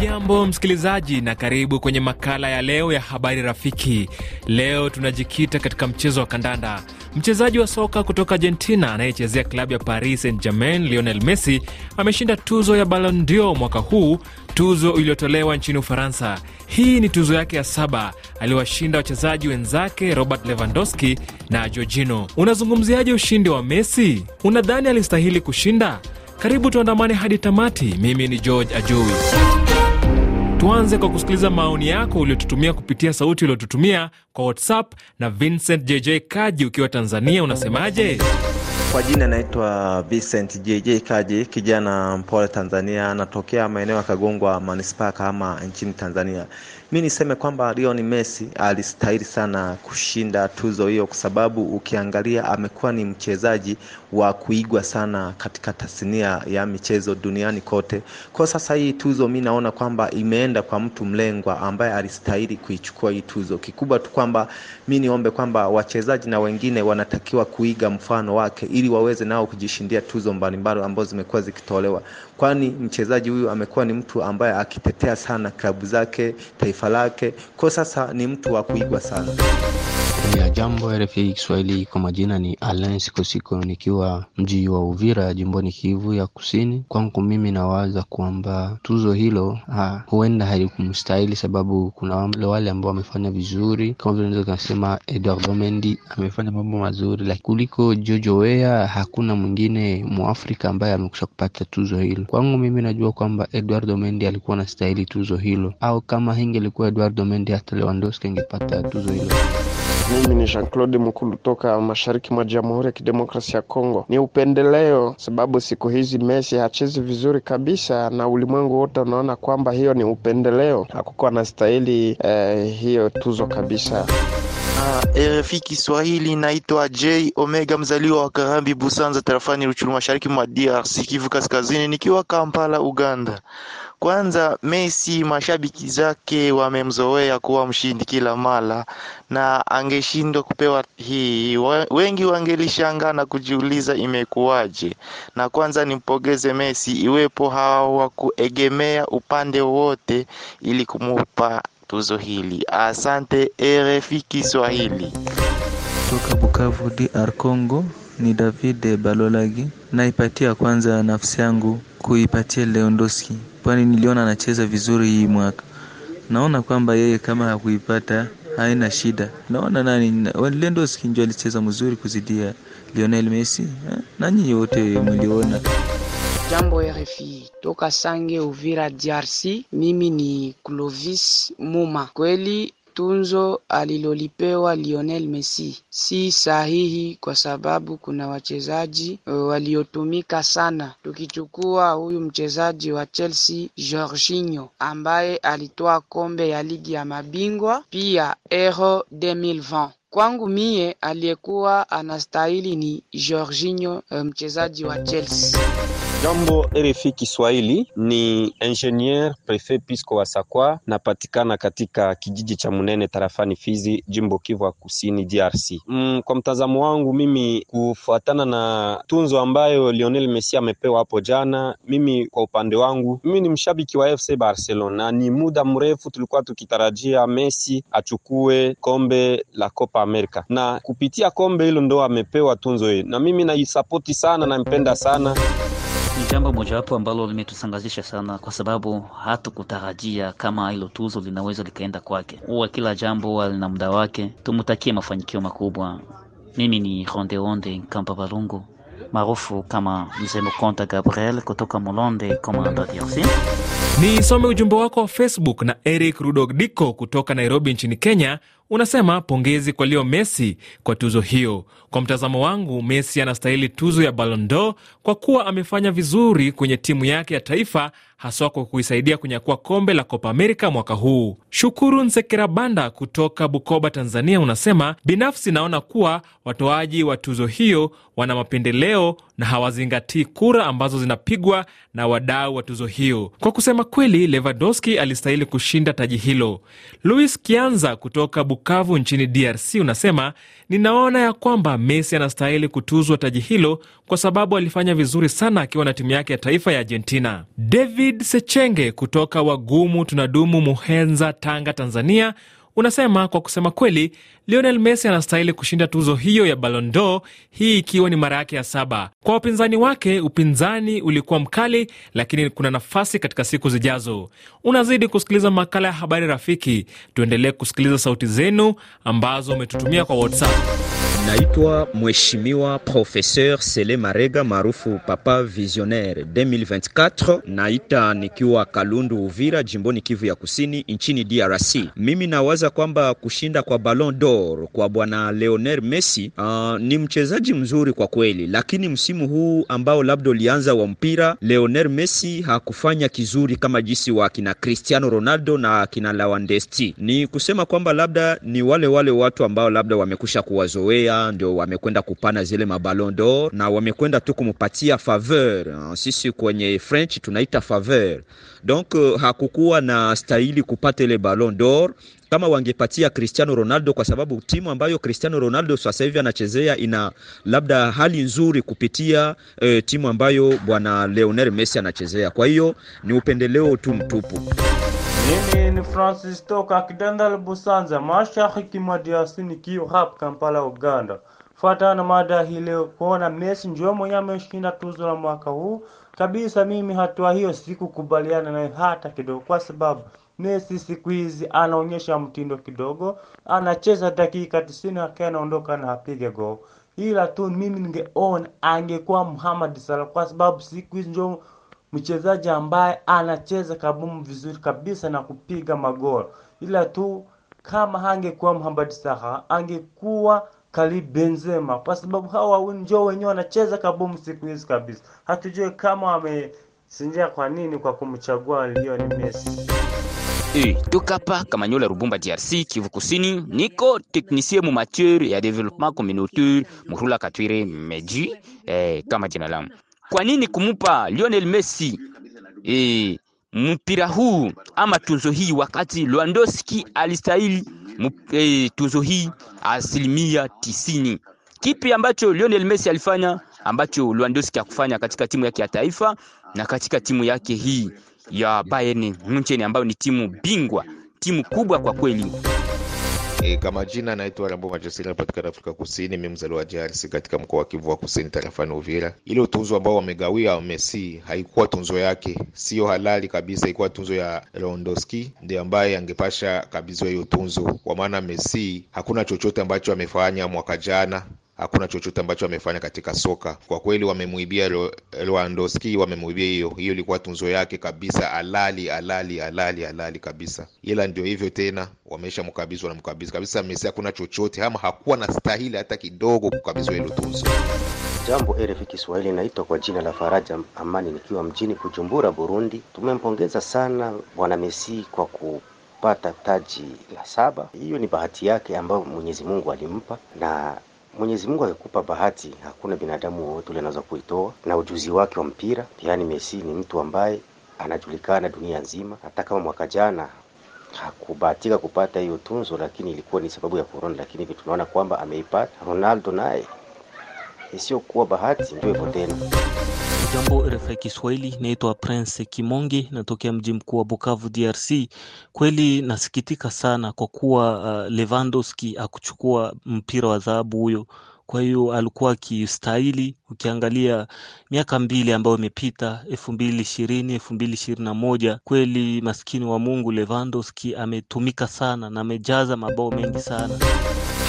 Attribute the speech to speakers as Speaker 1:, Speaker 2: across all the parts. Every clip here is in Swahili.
Speaker 1: Jambo msikilizaji, na karibu kwenye makala ya leo ya habari rafiki. Leo tunajikita katika mchezo wa kandanda. Mchezaji wa soka kutoka Argentina anayechezea klabu ya Paris Saint Germain, Lionel Messi ameshinda tuzo ya Ballon d'Or mwaka huu, tuzo iliyotolewa nchini Ufaransa. Hii ni tuzo yake ya saba, aliwashinda wachezaji wenzake Robert Lewandowski na Jorginho. Unazungumziaje ushindi wa Messi? Unadhani alistahili kushinda? Karibu tuandamane hadi tamati. Mimi ni George Ajui. Tuanze kwa kusikiliza maoni yako uliotutumia kupitia sauti uliotutumia kwa WhatsApp. Na Vincent JJ Kaji ukiwa Tanzania, unasemaje?
Speaker 2: Kwa jina naitwa Vincent JJ Kaji, kijana mpole Tanzania, natokea maeneo ya Kagongwa manispaa Kahama nchini Tanzania. Mi niseme kwamba Lionel Messi alistahili sana kushinda tuzo hiyo, kwa sababu ukiangalia amekuwa ni mchezaji wa kuigwa sana katika tasnia ya michezo duniani kote. Kwa sasa hii tuzo mi naona kwamba imeenda kwa mtu mlengwa ambaye alistahili kuichukua hii tuzo. Kikubwa tu kwamba mi niombe kwamba wachezaji na wengine wanatakiwa kuiga mfano wake, ili waweze nao kujishindia tuzo mbalimbali ambazo zimekuwa zikitolewa, kwani mchezaji huyu amekuwa ni mtu ambaye akitetea sana klabu zake, taifa taifa lake, kwa sasa ni mtu wa kuigwa sana. Ya jambo RFI Kiswahili, kwa majina ni Alain Sikosiko, nikiwa mji wa Uvira, jimboni Kivu ya Kusini. Kwangu mimi nawaza kwamba tuzo hilo ha, huenda halikumstahili, sababu kuna wale ambao wamefanya vizuri, kama vile naweza kusema Edouard Mendy amefanya mambo mazuri, lakini kuliko Jojo Wea hakuna mwingine Mwafrika ambaye amekusha kupata tuzo hilo. Kwangu mimi najua kwamba Edouard Mendy alikuwa anastahili tuzo hilo, au kama hingelikuwa Edouard Mendy hata Lewandowski angepata
Speaker 1: tuzo hilo. Mimi ni Jean Claude Mkulu toka mashariki mwa Jamhuri ya Kidemokrasia ya Kongo. Ni upendeleo, sababu siku hizi Messi hachezi vizuri kabisa, na ulimwengu wote unaona kwamba hiyo ni upendeleo. na anastahili eh, hiyo tuzo kabisa.
Speaker 2: Ah, RFI Kiswahili, naitwa J Omega, mzaliwa wa Karambi Busanza, tarafani Ruchuru, mashariki mwa DRC, Kivu Kaskazini,
Speaker 1: nikiwa Kampala, Uganda. Kwanza, Messi mashabiki zake wamemzoea kuwa mshindi kila mara, na angeshindwa kupewa hii, wengi wangelishangaa na kujiuliza imekuwaje. Na kwanza nimpongeze Messi, iwepo hawakuegemea upande wote ili kumupa tuzo hili. Asante RFI Kiswahili. Toka Bukavu
Speaker 2: DR Congo ni David Balolagi. Naipatia kwanza nafsi yangu kuipatia Leondoski, kwani niliona anacheza vizuri hii mwaka. Naona kwamba yeye kama hakuipata haina shida. Naona nani Leondoski ndio alicheza mzuri kuzidia Lionel Messi, eh? nanyi wote mliona. Jambo RFI toka Sange, Uvira, DRC. Mimi ni Clovis Muma. Kweli tunzo alilolipewa Lionel Messi si sahihi, kwa sababu kuna wachezaji e, waliotumika sana. Tukichukua huyu mchezaji wa Chelsea Jorginho, ambaye alitoa kombe ya ligi ya mabingwa pia Euro 2020 Kwangu mie aliyekuwa anastahili ni Jorginho, e, mchezaji wa Chelsea. Jambo RFI Kiswahili, ni engineer prefet Pisco wa Sakwa, napatikana katika kijiji cha Munene tarafani Fizi, jimbo Kivu ya Kusini, DRC. Mm, kwa mtazamo wangu mimi, kufuatana na tunzo ambayo Lionel Messi amepewa hapo jana, mimi kwa upande wangu mimi ni mshabiki wa FC Barcelona, ni muda mrefu tulikuwa tukitarajia Messi achukue kombe la Copa America, na kupitia kombe hilo ndo amepewa tunzo hili, na mimi naisapoti sana, nampenda sana. Ni jambo mojawapo ambalo limetusangazisha sana, kwa sababu hatukutarajia kama hilo tuzo linaweza likaenda kwake. Huwa kila jambo huwa lina muda wake. Tumutakie mafanikio makubwa. Mimi ni
Speaker 1: Ronde Ronde Nkamba Balungu maarufu kama Mzee Mkonta Gabriel kutoka Mulonde, Komanda, DRC. Ni some ujumbe wako wa Facebook na Eric Rudodiko kutoka Nairobi nchini Kenya. Unasema pongezi kwa Leo Messi kwa tuzo hiyo. Kwa mtazamo wangu, Messi anastahili tuzo ya Ballon d'Or kwa kuwa amefanya vizuri kwenye timu yake ya taifa haswa kwa kuisaidia kunyakua kombe la Copa America mwaka huu. Shukuru Nsekerabanda kutoka Bukoba, Tanzania, unasema binafsi naona kuwa watoaji wa tuzo hiyo wana mapendeleo na hawazingatii kura ambazo zinapigwa na wadau wa tuzo hiyo. Kwa kusema kweli, Lewandowski alistahili kushinda taji hilo. Luis Kianza kutoka Bukavu nchini DRC unasema, ninaona ya kwamba Messi anastahili kutuzwa taji hilo kwa sababu alifanya vizuri sana akiwa na timu yake ya taifa ya Argentina. David Sechenge kutoka Wagumu tunadumu Muhenza, Tanga, Tanzania unasema kwa kusema kweli, Lionel Messi anastahili kushinda tuzo hiyo ya balondo hii ikiwa ni mara yake ya saba. Kwa wapinzani wake, upinzani ulikuwa mkali, lakini kuna nafasi katika siku zijazo. Unazidi kusikiliza makala ya Habari Rafiki. Tuendelee kusikiliza sauti zenu ambazo umetutumia kwa WhatsApp. Naitwa
Speaker 2: Mheshimiwa Professeur Sele Marega maarufu Papa Visionnaire 2024, naita nikiwa Kalundu Uvira, jimboni Kivu ya Kusini nchini DRC. Mimi nawaza kwamba kushinda kwa Ballon d'Or kwa bwana Lionel Messi, uh, ni mchezaji mzuri kwa kweli, lakini msimu huu ambao labda ulianza wa mpira, Lionel Messi hakufanya kizuri kama jinsi wa kina Cristiano Ronaldo na kina Lewandowski. Ni kusema kwamba labda ni wale wale watu ambao labda wamekusha kuwazoea ndio wamekwenda kupana zile mabalon d'or na wamekwenda tu kumpatia faveur. Ah, sisi kwenye French tunaita faveur, donc euh, hakukuwa na stahili kupata ile ballon d'or kama wangepatia Cristiano Ronaldo, kwa sababu timu ambayo Cristiano Ronaldo sasa hivi anachezea ina labda hali nzuri kupitia e, timu ambayo bwana Lionel Messi anachezea. Kwa hiyo ni upendeleo tu mtupu.
Speaker 1: Mimi ni Francis toka
Speaker 2: Kidandala Busanza, mashariki mwa DRC, nikiwa hapa Kampala, Uganda. Fuatana na mada hii leo, kuona Messi ndio mwenye ameshinda tuzo la mwaka huu kabisa. Mimi hatua hiyo sikukubaliana nayo hata kidogo, kwa sababu Messi siku hizi anaonyesha mtindo kidogo, anacheza dakika 90 akiwa anaondoka na apige go, ila tu mimi ningeona angekuwa Muhammad Salah, kwa sababu siku hizi ndio mchezaji ambaye anacheza kabumu vizuri kabisa na kupiga magoli, ila tu kama hangekuwa Muhammad Saha angekuwa Karim Benzema, kwa sababu hawa ndio wenyewe wanacheza kabumu siku hizi kabisa. Hatujui kama wamesinjia kwa nini kwa kumchagua Lionel Messi. E, tokapa Kamanyola Rubumba DRC Kivu Kusini niko technicien mu matière ya développement communautaire Murula Katwire Meji eh, kama jina langu kwa nini kumupa Lionel Messi e, mpira huu ama tunzo hii, wakati Lewandowski alistahili e, tunzo hii asilimia tisini? Kipi ambacho Lionel Messi alifanya ambacho Lewandowski akufanya katika timu yake ya taifa na katika timu yake hii ya Bayern Munchen ambayo ni timu bingwa, timu kubwa kwa kweli. E, kama jina naitwa Rambo Majasiri, napatikana Afrika Kusini. Mimi mzaliwa DRC katika mkoa wa Kivu wa Kusini, tarafani Uvira. Ile tunzo ambao wamegawia Messi haikuwa tunzo yake, siyo halali kabisa, ilikuwa tunzo ya Lewandowski, ndiye ambaye angepasha kabizwa hiyo tunzo, kwa maana Messi hakuna chochote ambacho amefanya mwaka jana hakuna chochote ambacho amefanya katika soka. Kwa kweli wamemuibia Lewandowski, wamemuibia hiyo hiyo, ilikuwa tunzo yake kabisa, alali alali alali alali kabisa, ila ndio hivyo tena, wamesha mkabizwa na mkabizi kabisa. Messi hakuna chochote ama hakuwa na stahili hata kidogo kukabizwa hilo tunzo. Jambo rf Kiswahili, naitwa kwa jina la Faraja Amani nikiwa mjini kujumbura Burundi. Tumempongeza sana bwana Messi kwa ku pata taji la saba. Hiyo ni bahati yake ambayo Mwenyezi Mungu alimpa, na Mwenyezi Mungu akikupa bahati, hakuna binadamu wowote ule anaweza kuitoa, na ujuzi wake wa mpira, yani Messi ni mtu ambaye anajulikana dunia nzima. Hata kama mwaka jana hakubahatika kupata hiyo tunzo, lakini ilikuwa ni sababu ya korona, lakini tunaona kwamba ameipata. Ronaldo naye isiyokuwa bahati, ndio hivyo tena.
Speaker 1: Jambo RFI Kiswahili, naitwa Prince Kimonge, natokea mji mkuu wa Bukavu, DRC. Kweli nasikitika sana kwa kuwa uh, Lewandowski akuchukua mpira wa dhahabu huyo. Kwa hiyo alikuwa akistahili. Ukiangalia miaka mbili ambayo imepita, elfu mbili ishirini elfu mbili ishirini na moja kweli maskini wa Mungu Lewandowski ametumika sana na amejaza mabao mengi sana.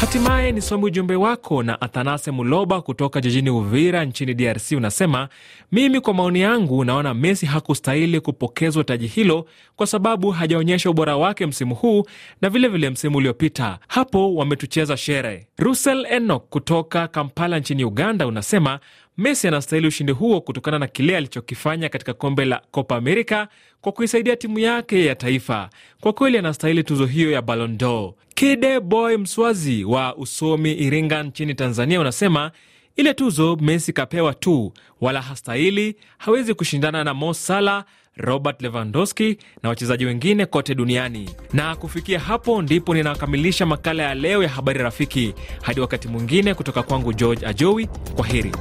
Speaker 1: Hatimaye nisome ujumbe wako na Athanase Muloba kutoka jijini Uvira nchini DRC. Unasema, mimi kwa maoni yangu naona Messi hakustahili kupokezwa taji hilo kwa sababu hajaonyesha ubora wake msimu huu na vilevile vile msimu uliopita. Hapo wametucheza shere. Russell Enoch kutoka Kampala nchini Uganda unasema Messi anastahili ushindi huo kutokana na kile alichokifanya katika kombe la Copa America kwa kuisaidia timu yake ya taifa. Kwa kweli anastahili tuzo hiyo ya Ballon d'Or. Kide Boy Mswazi wa Usomi, Iringa nchini Tanzania unasema ile tuzo Messi kapewa tu, wala hastahili. Hawezi kushindana na Mo Salah, Robert Lewandowski na wachezaji wengine kote duniani. Na kufikia hapo ndipo ninakamilisha makala ya leo ya Habari Rafiki. Hadi wakati mwingine, kutoka kwangu George Ajowi, kwa heri.